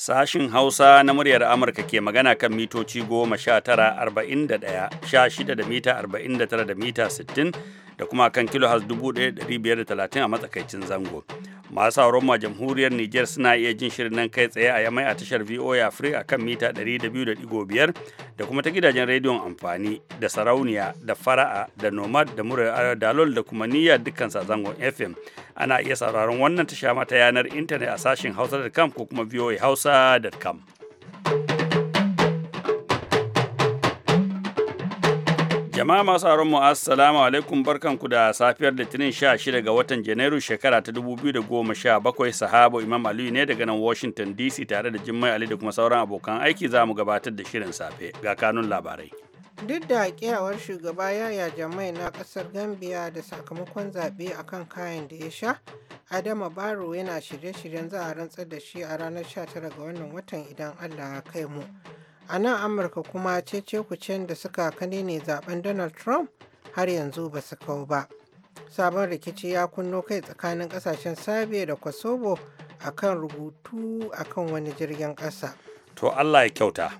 Sashin Hausa na muryar Amurka ke magana kan mitoci goma sha tara arba'in da ɗaya, sha shida da mita arba'in da tara da mita sittin da kuma kan kilo da 1530 a matsakaicin zango. Masu sauran ma jamhuriyar Nijar suna iya jin shirin nan kai tsaye a yamai a tashar VOA Free a kan mita 200.5 da kuma ta gidajen rediyon amfani da sarauniya da fara'a da nomad da murar dalol da kuma niyya dukkan zangon FM. Ana iya sauraron wannan tasha mata yanar intanet a sashin hausa.com ko kuma hausa.com Jama'a masu aron mu assalamu alaikum barkan ku da safiyar Litinin 16 ga watan Janairu shekara ta 2017 sahabo Imam Aliyu ne daga nan Washington DC tare da jimmai Ali da kuma sauran abokan aiki za mu gabatar da shirin safe ga kanun labarai. Duk da kiyawar shugaba yaya Jamai na kasar Gambia da sakamakon zaɓe a kan kayan da ya sha, Adama Baro yana shirye-shiryen za a rantsar da shi a ranar 19 ga wannan watan idan Allah ya kai mu. a nan amurka kuma cece-kucen da suka kane ne zaben donald trump har yanzu ba su kawo ba sabon rikici ya kunno kai tsakanin kasashen serbia da kosovo kan rubutu a kan wani jirgin ƙasa. to allah ya kyauta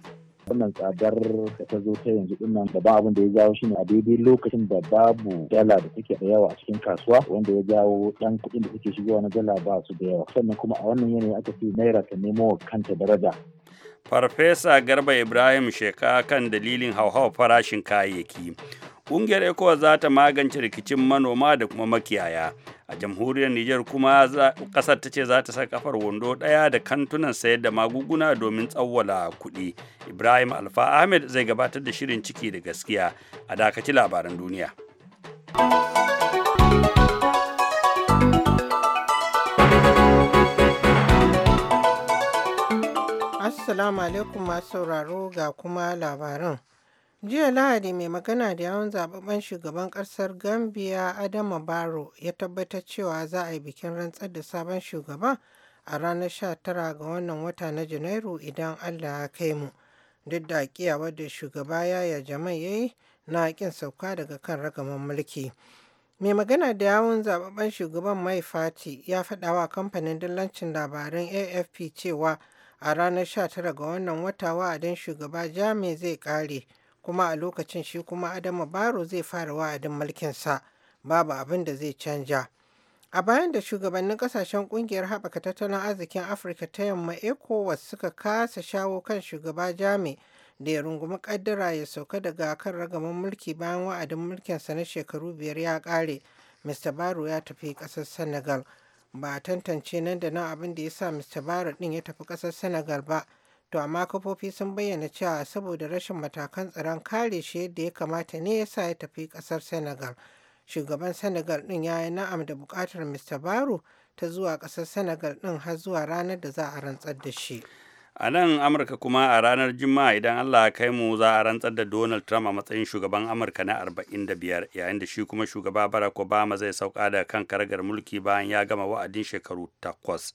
wannan tsadar da ta zo ta yanzu dinnan babban abin da ya jawo shine a daidai lokacin da babu dala da take da yawa a cikin kasuwa wanda ya jawo dan kuɗin da take shigowa na dala ba su da yawa sannan kuma a wannan yanayi aka fi naira ta nemo kanta daraja Farfesa Garba Ibrahim Sheka kan dalilin hauhawa farashin kayayyaki. Ƙungiyar Eko za ta magance rikicin manoma da kuma makiyaya. A jamhuriyar Nijar kuma ƙasar ta ce za ta saka kafar wando ɗaya da kantunan sayar da magunguna domin tsawwala kuɗi. Ibrahim Alfa Ahmed zai gabatar da shirin ciki da gaskiya a dakaci labaran duniya. Assalamu alaikum masu sauraro ga kuma labaran. Jiya Lahadi mai magana da yawon zababben shugaban kasar Gambia Adama Barrow ya tabbatar cewa za a yi bikin rantsar da sabon shugaban a ranar 19 ga wannan wata na Janairu idan Allah ya kai mu. Duk da kiyawa da shugaba yaya jama'i ya yi na kin sauka daga kan ragaman mulki. Mai magana da yawon zababben shugaban Mai Fati ya faɗawa kamfanin dillancin labaran AFP cewa a ranar 19 ga wannan wata wa'adin shugaba jami zai kare kuma a lokacin shi kuma adamu baro zai fara wa'adin mulkin sa, babu abin da zai canja a bayan da shugabannin kasashen kungiyar haɓaka tattalin arzikin afirka ta yamma ecowas suka kasa shawo kan shugaba jami da ya rungumi kaddara ya sauka daga kan ragaman mulki bayan wa'adin mulkinsa na shekaru biyar ya ƙare mr baro ya tafi ƙasar senegal ba a tantance nan da nan abin da ya sa mr barrett din ya tafi ƙasar senegal ba to amma kafofi sun bayyana cewa saboda rashin matakan tsaron kare shi yadda ya kamata ne ya sa ya tafi ƙasar senegal shugaban senegal din ya yi na'am da buƙatar mr baro ta zuwa ƙasar senegal din har zuwa ranar da za a rantsar da shi a nan amurka kuma a ranar juma'a idan allah kai mu za a rantsar da donald trump a matsayin shugaban amurka na 45 yayin da shi kuma shugaba barack obama zai sauka da kan karagar mulki bayan ya gama wa'adin shekaru takwas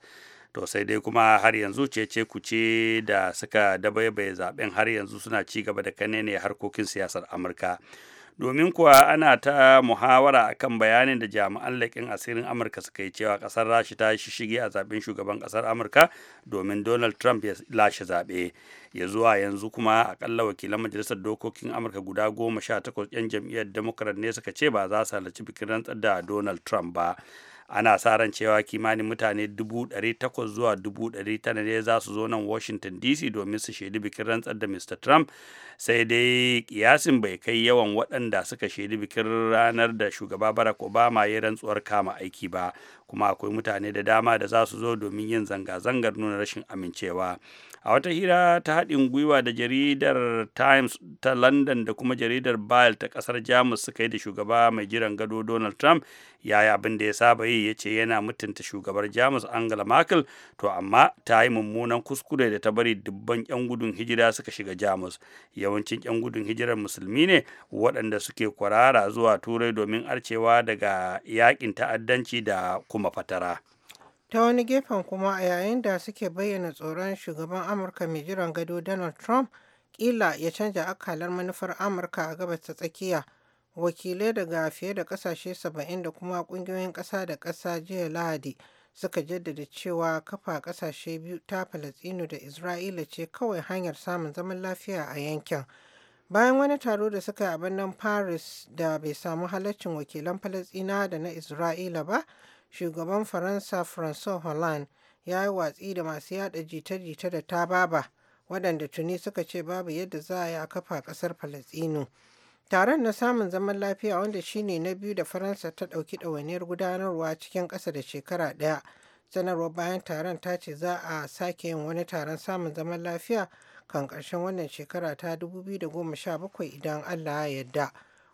to sai dai kuma har yanzu ce ce ku ce da suka dabaibaye zaben har yanzu suna ci gaba da kanene harkokin siyasar amurka domin kuwa ana ta muhawara a kan bayanin da jami'an laƙin asirin amurka suka yi cewa ƙasar rashi ta shishige a zaɓen shugaban ƙasar amurka domin donald trump ya lashe zaɓe ya zuwa yanzu kuma akalla wakilan majalisar dokokin amurka guda goma sha takwas 'yan jam'iyyar democrat ne suka ce ba za su halarci bikin rantsar da donald trump ba ana sa ran cewa kimanin mutane 800 zuwa 900 ne za su zo nan washington dc domin su shaidi bikin rantsar da mr trump sai dai kiyasin bai kai yawan waɗanda suka shaidi bikin ranar da shugaba barack obama ya rantsuwar kama aiki ba kuma akwai mutane da dama da za su zo domin yin zanga-zangar nuna rashin amincewa a wata hira ta haɗin gwiwa da jaridar times ta london da kuma jaridar bile ta ƙasar jamus suka yi da shugaba mai jiran gado donald trump yaya abin da ya saba yi ya ce yana mutunta shugabar jamus angela merkel to amma ta yi mummunan kuskure da ta bari dubban 'yan gudun hijira suka shiga jamus yawancin 'yan gudun hijirar musulmi ne waɗanda suke kwarara zuwa turai domin arcewa daga yakin ta'addanci da kuma fatara. Ta wani gefen kuma, a yayin da suke bayyana tsoron shugaban Amurka mai jiran gado Donald Trump ƙila ya canja akalar manufar Amurka a Gabas ta Tsakiya, wakilai daga fiye da ƙasashe 70 da kuma ƙungiyoyin ƙasa da ƙasa jiya Lahadi suka jaddada cewa kafa ƙasashe biyu ta Falasɗinu da Isra'ila ce kawai hanyar samun zaman lafiya a yankin. Bayan wani taro da suka yi a birnin Paris da bai samu halaccin wakilan Falasɗina da na Isra'ila ba, shugaban Faransa Francois Hollande ya yi watsi da masu yada jita-jita da ta baba waɗanda tuni suka ce babu yadda za a yi a kafa ƙasar Falasɗinu. Taron na samun zaman lafiya wanda shine na biyu da Faransa ta ɗauki ɗawainiyar gudanarwa cikin ƙasa da shekara ɗaya. Sanarwar bayan taron ta ce za a sake yin wani taron samun zaman lafiya kan ƙarshen wannan shekara ta 2017 idan Allah ya yarda.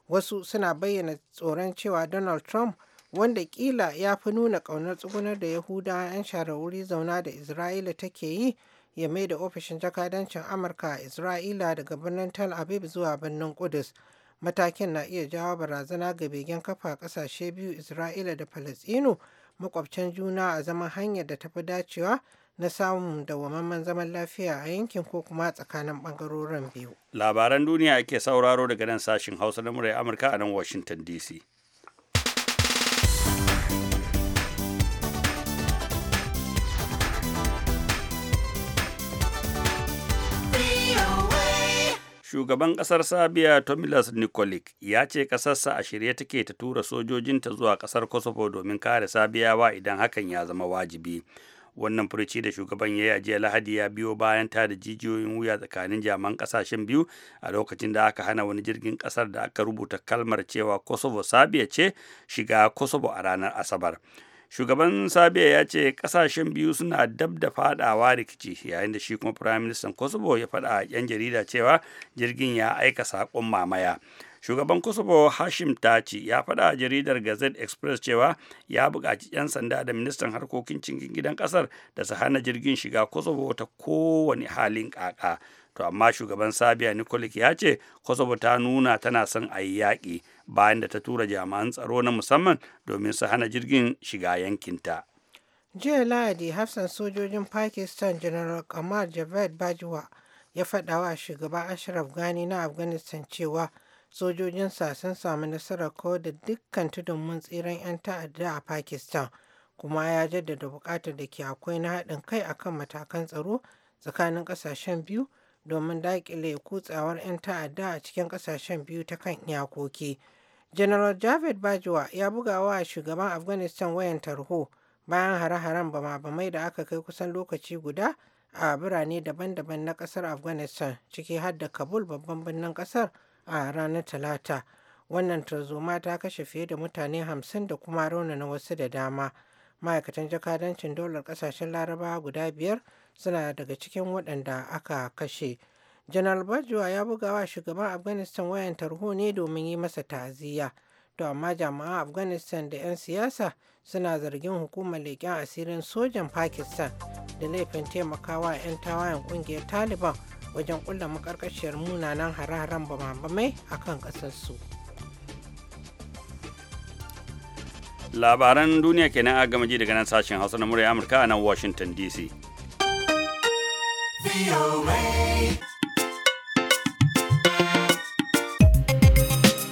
Wasu suna bayyana tsoron cewa Donald Trump wanda kila ya fi nuna ƙaunar tsugunar da Yahudawa 'yan share wuri zauna da Isra'ila take yi ya mai da ofishin jakadancin Amurka a Isra'ila daga birnin Tal Aviv zuwa birnin Kudus. Matakin na iya jawo barazana ga begen kafa ƙasashe biyu Isra'ila da falastinu makwabcin juna a zaman hanyar da fi dacewa na samun dawwamamman zaman lafiya a yankin ko kuma tsakanin bangarorin biyu. Labaran duniya ake sauraro daga nan sashin Hausa na murai Amurka a nan Washington DC. shugaban ƙasar sabiya tomilas nikolik ya ce ƙasarsa a shirye take ta tura sojojinta zuwa ƙasar kosovo domin kare sabiyawa idan hakan ya zama wajibi wannan furici da shugaban ya yi ajiya lahadi ya biyo bayan ta da jijiyoyin wuya tsakanin jaman ƙasashen biyu a lokacin da aka hana wani jirgin ƙasar da aka rubuta kalmar cewa kosovo sabiya ce shiga kosovo a ranar asabar shugaban sabiya ya ce kasashen biyu suna dab da fadawa rikici yayin da shi kuma firaministan kosovo ya fada a 'yan jarida cewa jirgin ya aika saƙon mamaya shugaban kosovo hashim taci ya fada a jaridar gazette express cewa ya buƙaci 'yan sanda da ministan harkokin cikin gidan ƙasar da su hana jirgin shiga kosovo ta kowane halin ƙaƙa to amma shugaban sabiya nikolik ya ce kosovo ta nuna tana son a yi yaƙi bayan da ta tura jami'an tsaro na musamman domin su hana jirgin shiga yankinta. jiya lahadi hafsan sojojin pakistan general kamar javed bajwa ya faɗa wa shugaba ashraf gani na afghanistan cewa sojojinsa sun samu nasarar ko da dukkan tudun mun tseren 'yan ta'adda a pakistan kuma ya jaddada bukatar da ke akwai na haɗin kai akan matakan tsaro tsakanin ƙasashen biyu domin daƙile kutsawar 'yan ta'adda a cikin ƙasashen biyu ta kan iyakoki General Javed Bajwa ya buga wa shugaban Afghanistan wayan tarho bayan hare-haren bama-bamai da aka kai kusan lokaci guda a birane daban-daban na kasar Afghanistan ciki har da Kabul babban birnin kasar a ranar Talata. Wannan tarzoma ta kashe fiye da mutane hamsin da kuma na wasu da dama. Ma'aikatan jakadancin dolar kasashen Larabawa guda biyar suna daga cikin waɗanda aka kashe. janar bajwa ya buga wa shugaban afghanistan wayan tarho ne domin yi masa ta'aziyya to amma jami'an afghanistan da 'yan siyasa suna zargin hukumar leƙen asirin sojan pakistan da laifin taimakawa 'yan tawayen ƙungiyar taliban wajen ƙulla makarkashiyar munanan hare-haren bamabamai a kan ƙasarsu labaran duniya kenan a gama ji daga nan sashen hausa na murya amurka a nan washington dc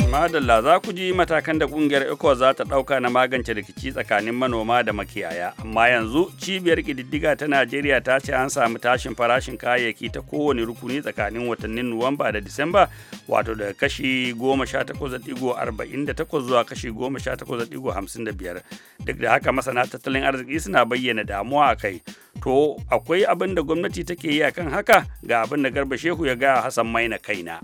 Madalla za ku ji matakan da kungiyar ECOWAS za ta ɗauka na magance rikici tsakanin manoma da makiyaya. Amma yanzu cibiyar kididdiga ta Najeriya ta ce an samu tashin farashin kayayyaki ta kowane rukuni tsakanin watannin Nuwamba da Disamba wato daga kashi 18.48 zuwa kashi 18.55. Duk da haka masana tattalin arziki suna bayyana damuwa a kai. To akwai abin da gwamnati take yi akan haka ga abin da Garba Shehu ya ga Hassan Maina kaina.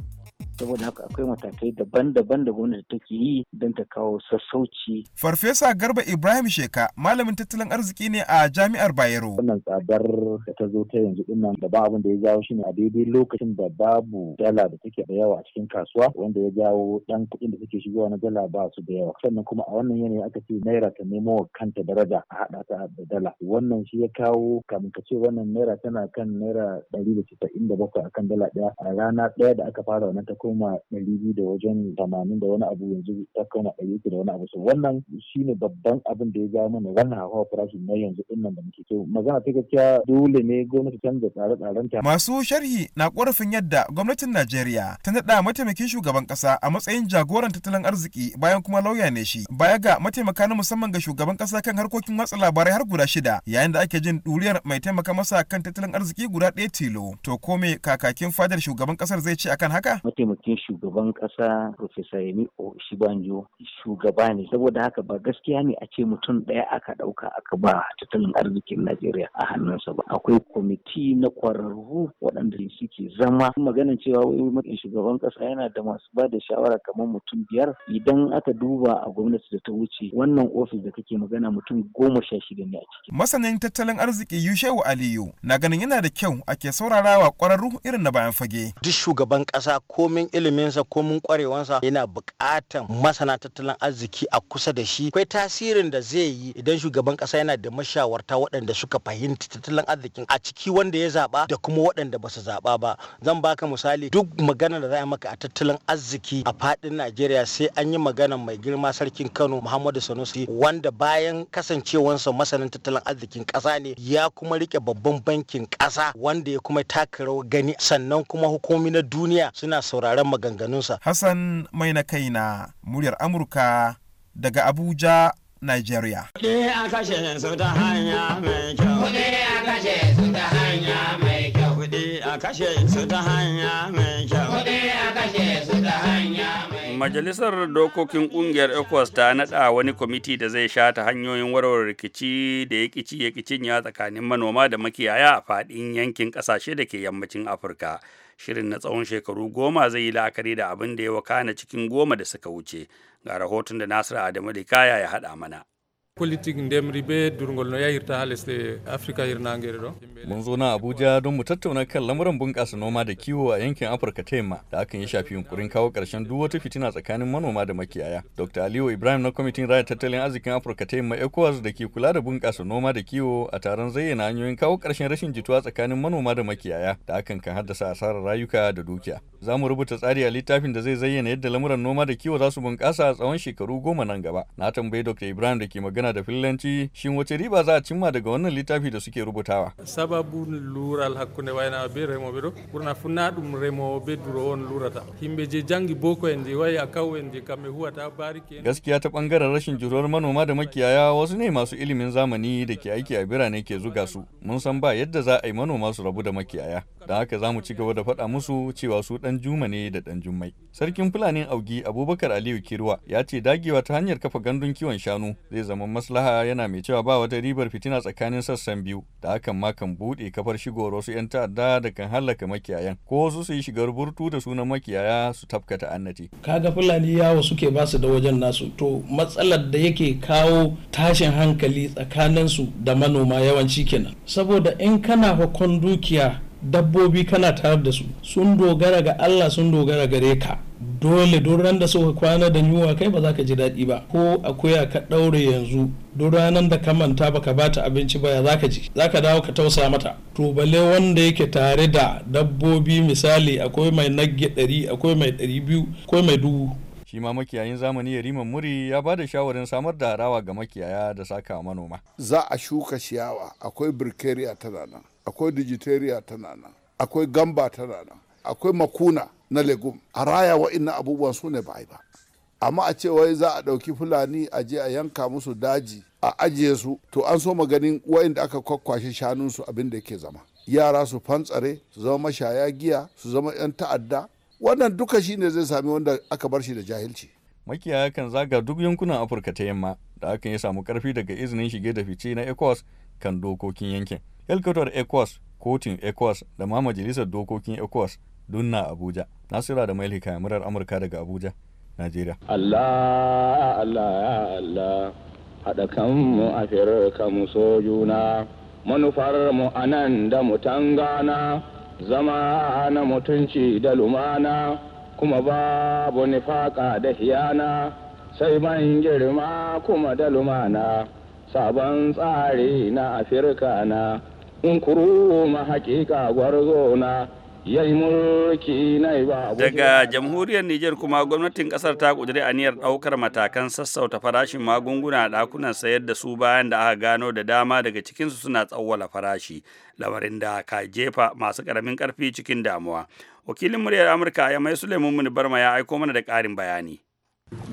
saboda haka akwai matakai daban-daban da gwamnati take yi don ta kawo sassauci. Farfesa Garba Ibrahim Sheka malamin tattalin arziki ne a Jami'ar Bayero. Wannan tsadar da ta zo ta yanzu din nan ba abin da ya jawo shi ne a daidai lokacin da babu dala da take da yawa a cikin kasuwa wanda ya jawo dan kuɗin da take shigowa na dala ba su da yawa. Sannan kuma a wannan yanayi aka ce naira ta nemo wa kanta daraja a haɗa ta da dala. Wannan shi ya kawo kamin ka ce wannan naira tana kan naira ɗari da casa'in da bakwai akan dala ɗaya a rana ɗaya da aka fara wannan koma ɗari biyu da wajen tamanin da wani abu yanzu ta koma ɗari da wani abu so wannan ne babban abin da ya ga mana wannan hawa farashin na yanzu ɗin nan da muke so magana ta gaskiya dole ne gwamnati canza tsare-tsarenta. Masu sharhi na ƙorafin yadda gwamnatin Najeriya ta naɗa mataimakin shugaban ƙasa a matsayin jagoran tattalin arziki bayan kuma lauya ne shi baya ga mataimaka na musamman ga shugaban ƙasa kan harkokin watsa labarai har guda shida yayin da ake jin ɗuriyar mai taimaka masa kan tattalin arziki guda ɗaya tilo to ko me kakakin fadar shugaban ƙasar zai ce akan haka. mataimakin shugaban kasa Profesa Yemi Oshibanjo shugaba ne saboda haka ba gaskiya ne a ce mutum ɗaya aka ɗauka aka ba tattalin arzikin Najeriya a hannunsa ba akwai kwamiti na kwararru waɗanda suke zama maganin cewa wai shugaban kasa yana da masu ba da shawara kamar mutum biyar idan aka duba a gwamnati da ta wuce wannan ofis da kake magana mutum goma sha shida ne a ciki. Masanin tattalin arziki Yushewu Aliyu na ganin yana da kyau ake saurarawa kwararru irin na bayan fage. Duk shugaban ƙasa komai. komin iliminsa mun kwarewansa yana bukatan masana tattalin arziki a kusa da shi akwai tasirin da zai yi idan shugaban kasa yana da mashawarta waɗanda suka fahimci tattalin arzikin a ciki wanda ya zaba da kuma waɗanda ba su zaba ba zan baka misali duk maganar da za a maka a tattalin arziki a fadin najeriya sai an yi magana mai girma sarkin kano muhammadu sanusi wanda bayan kasancewansa masanin tattalin arzikin kasa ne ya kuma rike babban bankin kasa wanda ya kuma taka rawar gani sannan kuma hukumomi na duniya suna saurari sauraron maganganunsa. Hassan mai na kai na muryar Amurka daga Abuja, Nigeria. Majalisar Dokokin kungiyar ECOWAS ta naɗa wani kwamiti da zai sha ta hanyoyin warware rikici da ya kici ya kicin ya tsakanin manoma da makiyaya a faɗin yankin ƙasashe da ke yammacin Afirka. shirin na tsawon shekaru goma zai yi la'akari da abin da ya wakana cikin goma da suka wuce ga rahoton da nasiru adamu da kaya ya haɗa mana politik ndemri be durgol no yayirta ha lesɗe africa hirnangere ɗo mun zo na abuja don mu tattauna kan lamuran bunƙasa noma da kiwo a yankin afirka ta yamma da hakan ya shafi yunkurin kawo ƙarshen duk wata fitina tsakanin manoma da makiyaya dr aliyu ibrahim na kwamitin raya tattalin arzikin afirka ta yamma ecowas da ke kula da bunƙasa noma da kiwo a taron zayyana hanyoyin kawo ƙarshen rashin jituwa tsakanin manoma da makiyaya da hakan kan haddasa asarar rayuka da dukiya za mu rubuta tsari a littafin da zai zayyana yadda lamuran noma da kiwo za su bunƙasa a tsawon shekaru goma nan gaba na tambayi dr ibrahim da ke magana magana da fillanci shin wace riba za a cimma daga wannan littafi da suke rubutawa. Sababu be funa dum remo duro on ta himbe je jangi boko en je en je ta bari barike. Gaskiya ta bangaren rashin juruwar manoma da makiyaya wasu ne masu ilimin zamani da ke aiki a birane ke zuga su mun san ba yadda za a yi manoma su rabu da makiyaya da haka za mu ci gaba da faɗa musu cewa su ɗan juma ne da dan jummai. Sarkin Fulanin Augi Abubakar Aliyu Kirwa ya ce dagewa ta hanyar kafa gandun kiwon shanu zai zama maslaha yana mai cewa ba wata ribar fitina tsakanin sassan biyu da hakan ma kan buɗe kafar shigowar wasu 'yan ta'adda da kan hallaka makiyayan ko wasu su yi shigar burtu da sunan makiyaya su tafkata annati. Kaga Fulani yawo suke ba su da wajen nasu to matsalar da yake kawo tashin hankali tsakanin su da manoma yawanci kenan saboda in kana hukun dukiya dabbobi kana tare da su sun dogara ga Allah sun dogara gare ka dole duk ran da suka kwana da yunwa kai ba za ka ji daɗi ba ko akwai ka ɗaure yanzu duk ranar da ka manta baka bata abinci ba ya za ka ji za ka dawo ka tausa mata to balle wanda yake tare da dabbobi misali akwai mai nagge ɗari akwai mai ɗari biyu akwai mai dubu shi ma makiyayin zamani yariman muri ya ba da shawarin samar da rawa ga makiyaya da saka manoma za a shuka ciyawa akwai birkeriya tana nan akwai digiteriya tana nan akwai gamba tana nan akwai makuna na legum a raya wa'innan abubuwan su ne ba a yi ba amma a ce wai za a ɗauki fulani a je a yanka musu daji a ajiye su to an so maganin da aka kwakwashe su abin da ke zama yara su fantsare su zama mashaya giya su zama 'yan ta'adda wannan duka shine zai sami wanda aka bar shi da jahilci makiyaya kan zaga duk yankunan afirka ta yamma da hakan ya samu karfi daga izinin shige da fice na ecos kan dokokin yankin helkatar ecos kotun ecos da ma majalisar dokokin ecos Dunna Abuja. Nasira da Maili hikaya murar Amurka daga Abuja, Najeriya. Allah Allah ya Allah haɗa kanmu a kanmu so juna manufar mu anan da mu gana, zama na mutunci da lumana kuma babu nifaka da hiyana sai ban girma kuma da lumana sabon tsari na afirka na in kuru ma hakika gwarzo na Daga jamhuriyar Nijar kuma gwamnatin kasar ta kudiri aniyar daukar matakan sassauta farashin magunguna a dakunan sayar da su bayan da aka gano da dama daga cikinsu suna tsawwala farashi, lamarin da ka jefa masu karamin karfi cikin damuwa. Wakilin muryar Amurka ya mai Suleiman Barma ya aiko mana da ƙarin bayani.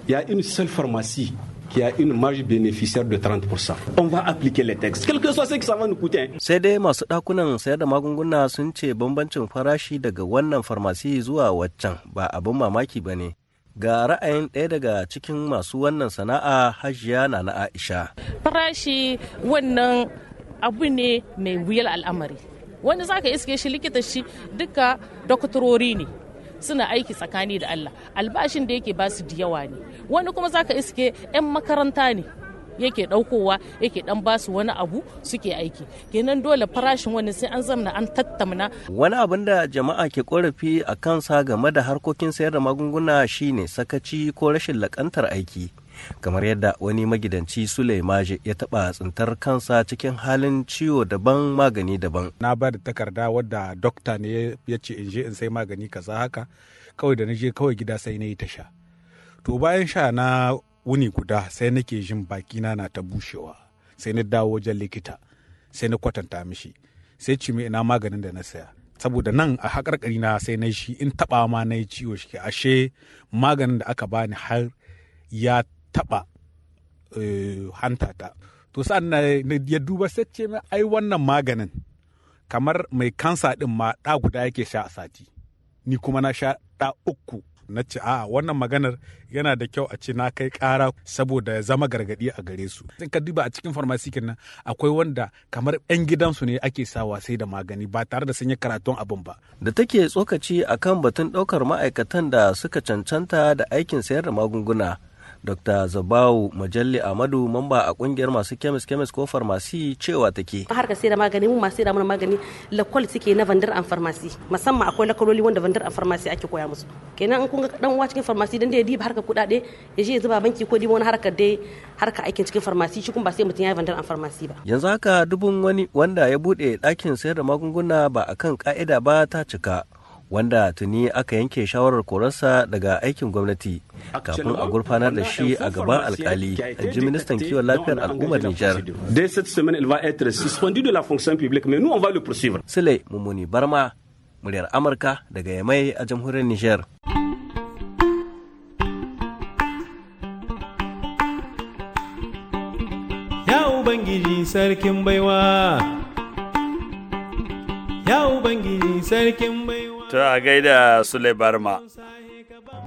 Ya in farmasi qui a une marge bénéficiaire de 30%. On va appliquer les textes, quel que soit ce que ça va nous coûter. Sai dai masu ɗakunan sayar da magunguna sun ce bambancin farashi daga wannan farmasi zuwa waccan ba abin mamaki ba ne. ga ra'ayin ɗaya daga cikin masu wannan sana'a hajiya na na aisha farashi wannan abu ne mai wuyar al'amari wani zaka iske shi likita shi duka doktorori ne suna aiki tsakani da Allah albashin da yake basu da yawa ne wani kuma zaka iske 'yan makaranta ne yake daukowa yake dan basu wani abu suke aiki kenan dole farashin wani sai an zamana an tattamna wani abin da jama'a ke korafi a kansa game da harkokin sayar da magunguna shine sakaci ko rashin lakantar aiki kamar yadda wani magidanci Sulaimaje ya taba tsintar kansa cikin halin ciwo daban magani daban. Na ba da takarda wadda dokta ne ya ce in je in sai magani kaza haka kawai da na je kawai gida sai na yi ta sha. To bayan sha na wuni guda sai nake jin bakina na ta bushewa sai na dawo wajen likita sai na kwatanta mishi sai ci ina maganin da na saya saboda nan a haƙarƙari na sai na shi in taɓa ma na yi ciwo shi ashe maganin da aka bani har ya taɓa eh, hanta ta to sa'an ya duba sai ce mai ai wannan maganin kamar mai kansa ɗin ma ɗa guda yake sha a sati ni kuma na sha ɗa uku na ce a wannan maganar yana da kyau a ce na kai ƙara saboda ya zama gargaɗi a gare su in ka duba a cikin farmasi nan akwai wanda kamar 'yan gidansu ne ake sawa sai da magani ba tare da sanya karatun abin ba da take tsokaci akan batun ɗaukar ma'aikatan da suka cancanta da aikin sayar da magunguna Dr. Zabawu Majalli Amadu mamba a kungiyar masu kemis kemis ko farmasi cewa take. Har ka sayar magani mun masu sayar mana magani lakwal ke na vendor an farmasi musamman akwai lakwaloli wanda vendor an farmasi ake koya musu. Kenan in kun ga dan uwa cikin farmasi dan da ya diba harka kuɗaɗe ya je ya zuba banki ko diba wani harka dai harka aikin cikin farmasi shi kun ba sai mutun ya vendor vandar an farmasi ba. Yanzu haka dubun wani wanda ya buɗe ɗakin sayar da magunguna ba akan ka'ida ba ta cika. wanda tuni aka yanke shawarar korarsa daga aikin gwamnati kafin a gurfanar da shi a gaban alkali ji ministan kiwon lafiyar al'ummar Nijar. Sule Mummuni Barma, muryar Amurka daga Yamai a jamhuriyar Nijar. Ya Ubangiji sarkin baiwa, Ya Ubangiji sarkin baiwa. To a gaida Sule Barma.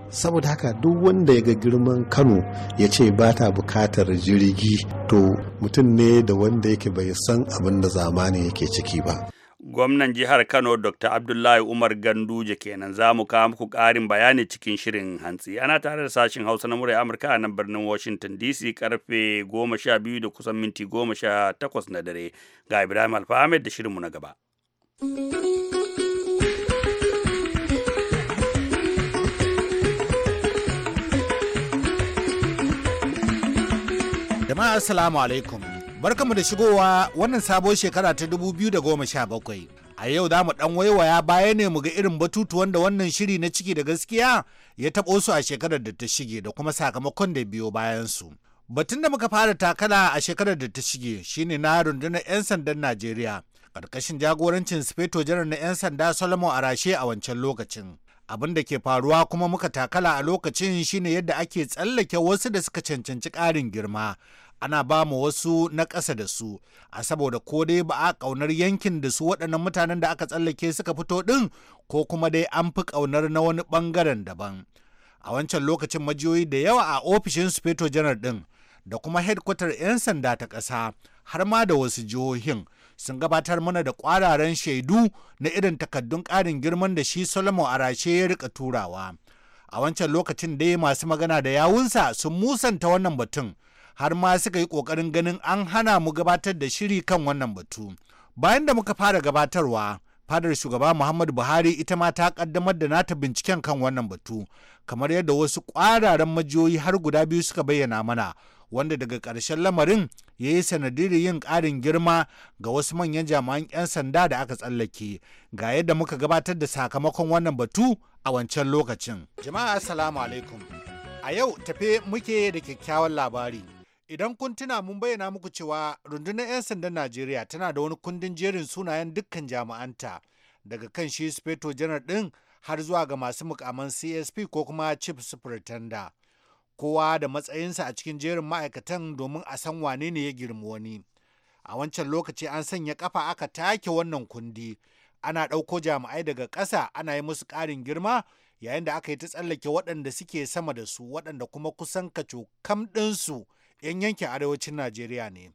Saboda haka duk wanda ya ga girman Kano ya ce ba ta bukatar jirgi to mutum ne da wanda yake bai san abin da zamani yake ciki ba. Gwamnan jihar Kano Dr. Abdullahi Umar Ganduje kenan za mu kawo muku ƙarin bayani cikin shirin hantsi. Ana tare da sashen Hausa na murai Amurka a nan birnin Washington DC karfe 12 da kusan minti goma na dare. Ga Ibrahim Alfahamed da shirinmu na gaba. Jama'a Assalamu alaikum. Barkamu da shigowa wannan sabon shekara ta 2017. A yau za mu ɗan waiwaya baya ne mu ga irin batutuwan da wannan shiri na ciki da gaskiya ya taɓo su a shekarar da ta shige da kuma sakamakon da biyo bayan su. Batun da muka fara takala a shekarar da ta shige shine na rundunar 'yan sandan Najeriya. karkashin jagorancin Sufeto Janar na 'yan sanda Solomon Arashe a wancan lokacin. abin da ke faruwa kuma muka takala a lokacin shine yadda ake tsallake wasu da suka cancanci ƙarin girma ana ba mu wasu na ƙasa da su a saboda ko dai ba a ƙaunar yankin da su waɗannan mutanen da aka tsallake suka fito ɗin ko kuma dai an fi ƙaunar na wani ɓangaren daban a wancan lokacin majiyoyi da yawa a ofishin speto janar ɗin da kuma hedkwatar 'yan sanda ta ƙasa har ma da wasu jihohin sun gabatar mana da kwararen shaidu na irin takaddun ƙarin girman da shi Solomon Arashe ya rika turawa. A wancan lokacin dai masu magana da yawunsa sun musanta wannan batun, har ma suka yi ƙoƙarin ganin an hana mu gabatar da shiri kan wannan batu. Bayan da muka fara gabatarwa, fadar shugaba Muhammadu Buhari ita ma ta kaddamar da nata binciken kan wannan batu, kamar yadda wasu ƙwararen majiyoyi har guda biyu suka bayyana mana. wanda daga ƙarshen lamarin ya yi sanadiyar yin ƙarin girma ga wasu manyan jami'an 'yan sanda da aka tsallake ga yadda muka gabatar da sakamakon wannan batu a wancan lokacin jama'a assalamu alaikum a yau tafe muke da kyakkyawan labari idan kun tuna mun bayyana muku cewa rundunar 'yan sandan najeriya tana da wani kundin jerin sunayen dukkan jami'anta daga kan shi speto janar din har zuwa ga masu mukaman csp ko kuma chief superintendent kowa da matsayinsa a cikin jerin ma'aikatan domin a san wane ne ya girma wani. A wancan lokaci an sanya kafa aka take wannan kundi, ana ɗauko jami'ai daga ƙasa ana yi musu ƙarin girma yayin da aka yi ta tsallake waɗanda suke sama da su waɗanda kuma kusan kaco kam ɗinsu 'yan yankin arewacin Najeriya ne.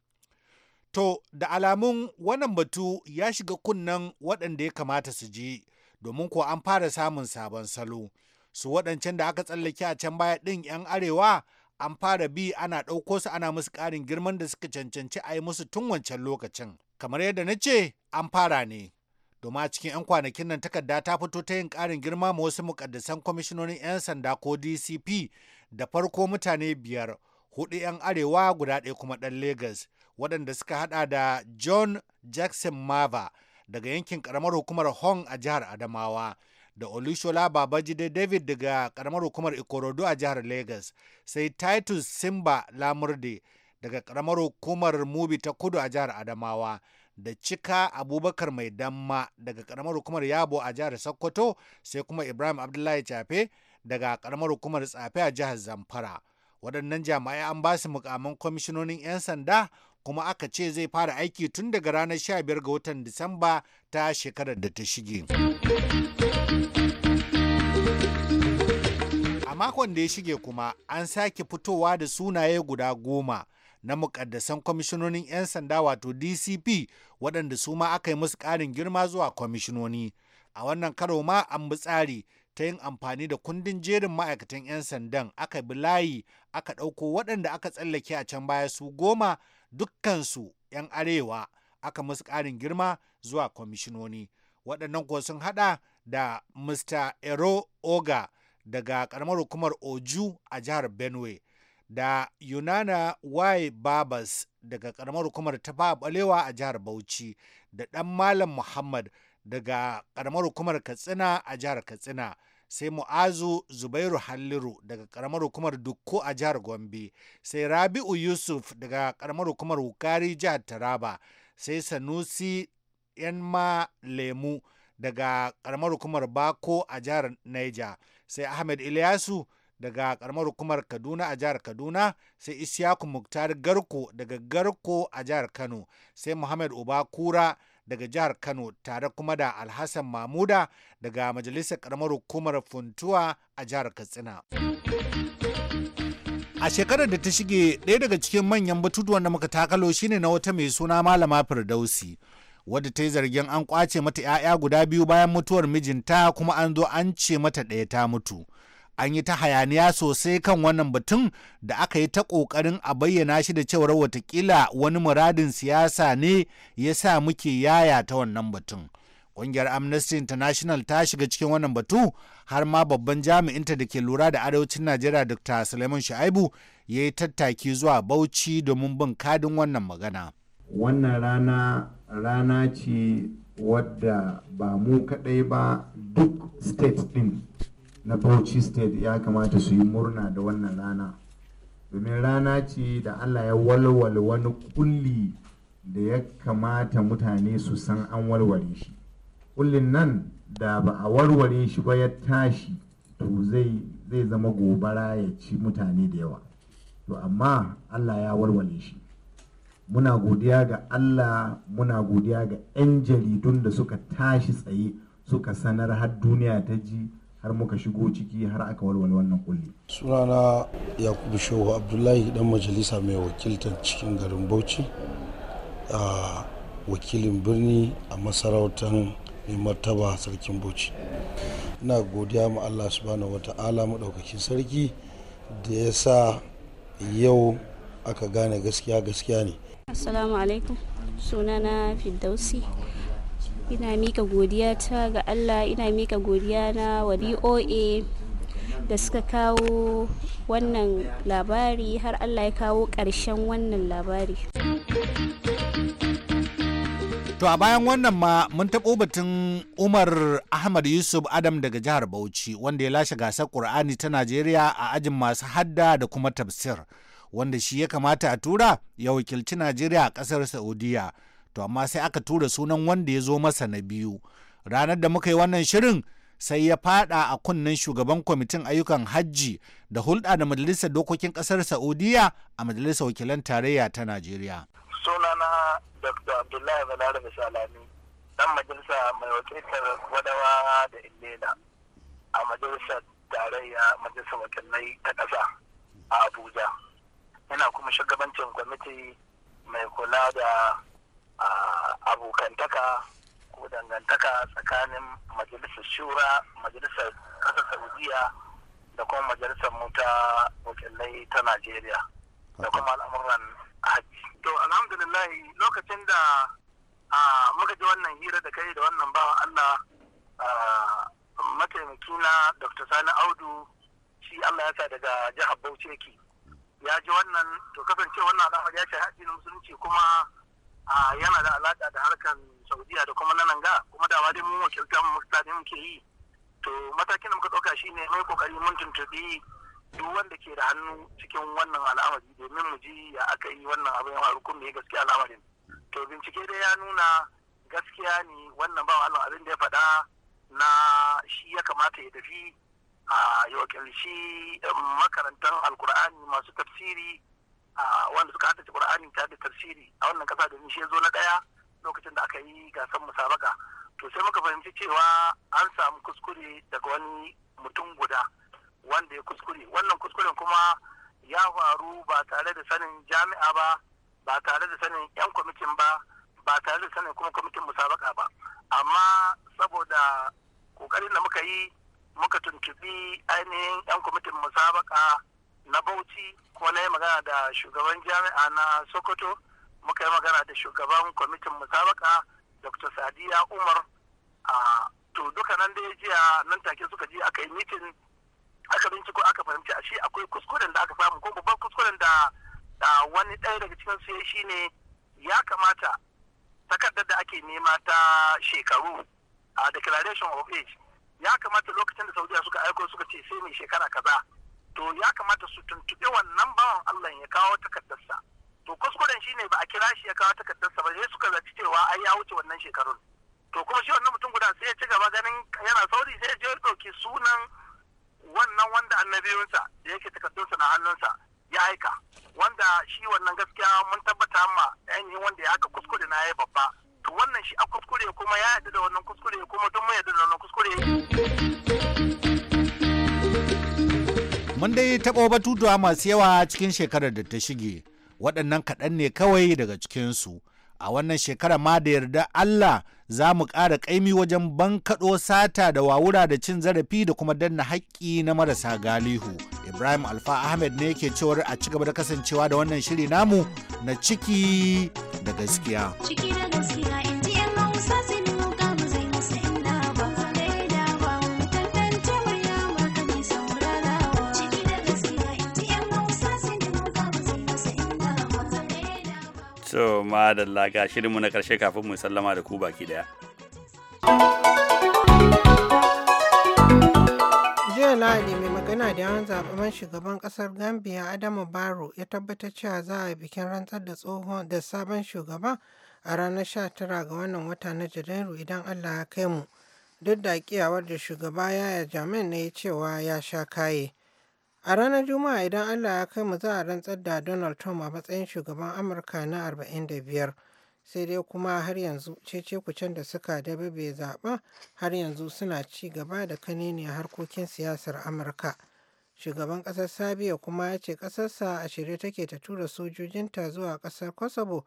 To, da alamun wannan batu ya shiga kunnen waɗanda ya kamata su ji, domin ko an fara samun sabon salo. su waɗancan da aka tsallake a can baya ɗin 'yan arewa an fara bi ana ɗauko su ana musu ƙarin girman da suka cancanci a yi musu tun wancan lokacin kamar yadda na ce an fara ne domin a cikin 'yan kwanakin nan takarda ta fito ta yin ƙarin girma ma wasu mukaddasan kwamishinonin 'yan sanda ko dcp da farko mutane biyar hudu 'yan arewa guda ɗaya kuma ɗan Legas, waɗanda suka hada da John Jackson Mava daga yankin ƙaramar hukumar Hong a jihar Adamawa da Olushola Babajide David daga karamar hukumar Ikorodu a jihar Legas sai Titus Simba Lamurde daga karamar hukumar Mubi ta Kudu a jihar Adamawa. da cika abubakar mai damma daga karamar hukumar yabo a jihar sokoto sai kuma ibrahim abdullahi cafe daga karamar hukumar tsafe a jihar zamfara waɗannan jami'ai an ba su mukamin kwamishinonin 'yan sanda kuma aka ce zai fara aiki tun daga ranar 15 ga watan Disamba ta shekarar da ta shige. A makon da ya shige kuma an sake fitowa da sunaye guda goma na mukaddasan kwamishinonin 'yan sanda wato DCP waɗanda su ma aka yi musu ƙarin girma zuwa kwamishinoni. A wannan karo ma an bi tsari ta yin amfani da kundin jerin ma'aikatan 'yan sandan aka bi layi aka ɗauko waɗanda aka tsallake a can baya su goma dukkansu 'yan arewa aka musu ƙarin girma zuwa kwamishinoni waɗannan kuwa sun haɗa da mr ero oga daga ƙaramar hukumar oju a jihar benue da yunana y babas daga ƙaramar hukumar tafa balewa a jihar bauchi da ɗan malam muhammad daga ƙaramar hukumar katsina a jihar katsina sai mu'azu zubairu halliru daga karamar hukumar dukko a jihar gombe sai rabi'u yusuf daga karamar hukumar wukari jihar taraba sai sanusi yanma lemu daga karamar hukumar bako a jihar naija sai ahmed ilyasu daga karamar hukumar kaduna a jihar kaduna sai isyaku muktar garko daga garko a jihar kano sai muhammad uba kura daga jihar Kano tare kuma da Alhassan Mamuda daga Majalisar Karamar Hukumar Funtuwa a jihar Katsina. A shekarar da ta shige ɗaya daga cikin manyan batutuwan da muka takalo shine na wata mai suna Malama Firdausi. wadda ta yi zargin an kwace mata 'ya'ya guda biyu bayan mutuwar mijinta kuma an zo an ce mata ɗaya ta mutu an yi ta hayaniya sosai kan wannan batun da aka yi ta ƙoƙarin a bayyana shi da cewar watakila wani muradin siyasa ne ya sa muke yaya ta wannan batun. Ƙungiyar Amnesty International ta shiga cikin wannan batu har ma babban jami'inta da ke lura da arewacin Najeriya Dr. Suleiman sha'ibu ya yi tattaki zuwa Bauchi domin bin kadin wannan magana. Wannan rana rana ce wadda ba mu kaɗai ba duk state ɗin na bauchi state ya kamata su yi murna da wannan rana domin rana ce da allah ya walwale wani kulli da ya kamata mutane su san an walware shi kullin nan da ba a warware shi ba ya tashi to zai zama gobara ya ci mutane da yawa to amma allah ya warware shi muna godiya ga allah muna godiya ga 'yan jaridun da suka tashi tsaye suka sanar har duniya ta ji har muka shigo ciki har aka walwala wannan kulli. sunana yakubu shehu abdullahi dan majalisa mai wakiltar cikin garin bauchi a wakilin birni a masarautar mai martaba sarkin bauchi ina godiya ma allah su wata wata'ala maɗaukakin sarki da ya sa yau aka gane gaskiya gaskiya ne assalamu alaikum sunana firdausi ina mika godiya ta ga allah ina mika godiya na wa boa da suka kawo wannan labari har allah ya kawo ƙarshen wannan labari To a bayan wannan ma mun taɓo batun Umar Ahmad Yusuf Adam daga jihar Bauchi wanda ya lashe gasar Ƙur'ani ta Najeriya a ajin masu hadda da kuma tafsir wanda shi ya kamata a tura ya wakilci Najeriya a ƙasar Saudiya. to amma sai aka tura sunan wanda ya zo masa na biyu ranar da muka yi wannan shirin sai ya fada a kunnen shugaban kwamitin ayyukan hajji da hulɗa da majalisar dokokin ƙasar saudiya a majalisar wakilan tarayya ta najeriya sunana dr abdullahi balarabe salami dan majalisa mai wakiltar wadawa da illela a majalisar tarayya majalisar wakilai ta ƙasa a abuja ina kuma shugabancin kwamiti mai kula da abokantaka ko dangantaka tsakanin majalisar shura majalisar kasar saudiya da kuma majalisar mu ta wakilai ta najeriya da kuma al'amuran hajji to alhamdulillah lokacin da muka ji wannan hira da kai da wannan bawa allah mataimaki na dr sani audu shi allah ya sa daga jihar bauchi yake ya ji wannan to kasance wannan al'amari ya na musulunci kuma yana da alaƙa da harkan saudiya da kuma nanan ga kuma dama dai mun wakilta mu mutane muke yi to matakin da muka ɗauka shine mai kokari mun tuntuɓi duk wanda ke da hannu cikin wannan al'amari domin mu ji ya aka yi wannan abin ya faru gaskiya al'amarin to bincike dai ya nuna gaskiya ne wannan ba Allah abin da ya faɗa na shi ya kamata ya tafi a ya wakilci eh, makarantar alkur'ani masu tafsiri a tasiri a wannan kasa domin shi ya zo na ɗaya lokacin da aka yi gasar musabaka to sai muka fahimci cewa an samu kuskure daga wani mutum guda wanda ya kuskure wannan kuskuren kuma ya faru ba tare da sanin jami'a ba ba tare da sanin 'yan kwamitin ba ba tare da sanin kuma kwamitin musabaka ba amma saboda kokarin da muka yi muka tuntubi ainihin 'yan kwamitin musabaka na bauchi ko na yi magana da shugaban jami'a na sokoto muka yi magana da shugaban kwamitin musabaka dr sadiya umar a to duka nan da ya jiya nan take suka je aka yi mitin aka binciko aka fahimci a shi akwai kuskuren da aka samu ko babban kuskuren da wani ɗaya daga cikin su shi ne ya kamata takardar da ake nema ta shekaru a declaration of age ya kamata lokacin da saudiya suka aiko suka ce sai mai shekara kaza to ya kamata su tuntuɓi wannan bawan allah ya kawo takardarsa to kuskuren shi ne ba a kira shi ya kawo takardarsa ba sai suka zaci cewa ai ya wuce wannan shekarun to kuma shi wannan mutum guda sai ya ci gaba ganin yana sauri sai ya je dauki sunan wannan wanda annabiyunsa da yake takardunsa na hannunsa ya aika wanda shi wannan gaskiya mun tabbata ma yi wanda ya aka kuskure na ya babba to wannan shi a kuskure kuma ya yarda da wannan kuskure kuma duk mun yadda da wannan kuskure mun dai taɓa batutuwa masu yawa cikin shekarar da ta shige waɗannan kaɗan ne kawai daga cikinsu a wannan shekara ma da yarda Allah za mu ƙara ƙaimi wajen bankaɗo sata da wawura da cin zarafi da kuma danna haƙƙi na marasa galihu Ibrahim Alfa Ahmed ne ke cewar a ci gaba da kasancewa da wannan shiri namu na ciki da gaskiya. Ciki da gaskiya To madalla ga shirinmu na ƙarshe kafin mu sallama da ku baki daya. jiya lahadi mai magana da yawan zaɓen shugaban ƙasar gambia adamu baro ya tabbatar cewa za a yi bikin rantsar da tsohon da sabon shugaba a ranar 19 ga wannan wata na janairu idan allah ya kai mu duk da kiyawar da shugaba yaya jamin ne cewa ya sha kaye A ranar Juma'a idan Allah ya kai mu za a rantsar da Donald Trump a matsayin shugaban Amurka na 45, sai dai kuma har yanzu cece-kucen da suka dababe zaɓa har yanzu suna ci gaba da kaneniyar harkokin siyasar Amurka. Shugaban ƙasar Sabiya kuma ya ce ƙasarsa a shirye take ta tura sojojinta zuwa ƙasar Kosovo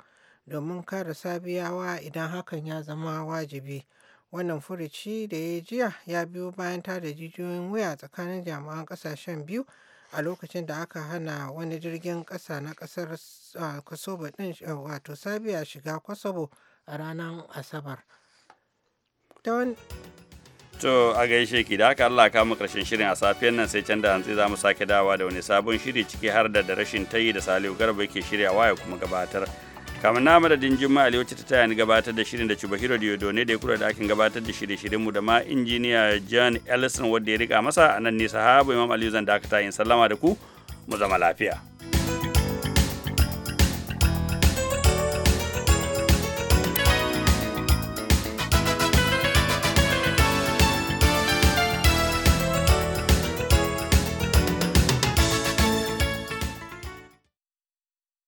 domin kare Sabiyawa idan hakan ya zama wajibi. Wannan furuci da ya jiya ya biyo bayan tada jijiyoyin wuya tsakanin jami'an kasashen biyu a lokacin da aka hana wani jirgin kasa na kasar Kosovo din wato sabiya shiga Kosovo a ranar Asabar. To a gaishe ki da haka Allah kama karshen shirin a safiyan nan sai can da hantsi za mu sake dawa da wani sabon shiri ciki har da da rashin tayi da Salihu Garba yake shiryawa ya kuma gabatar. kamar na madadin juma'a ali wacce ta taya ni gabatar da shirin da chubahiro Yodo ne da ya kula da akin gabatar da shirye mu da ma injiniya john ellison wadda ya rika masa a nan ne sahaba imam aliyu zan dakata yin sallama da ku mu zama lafiya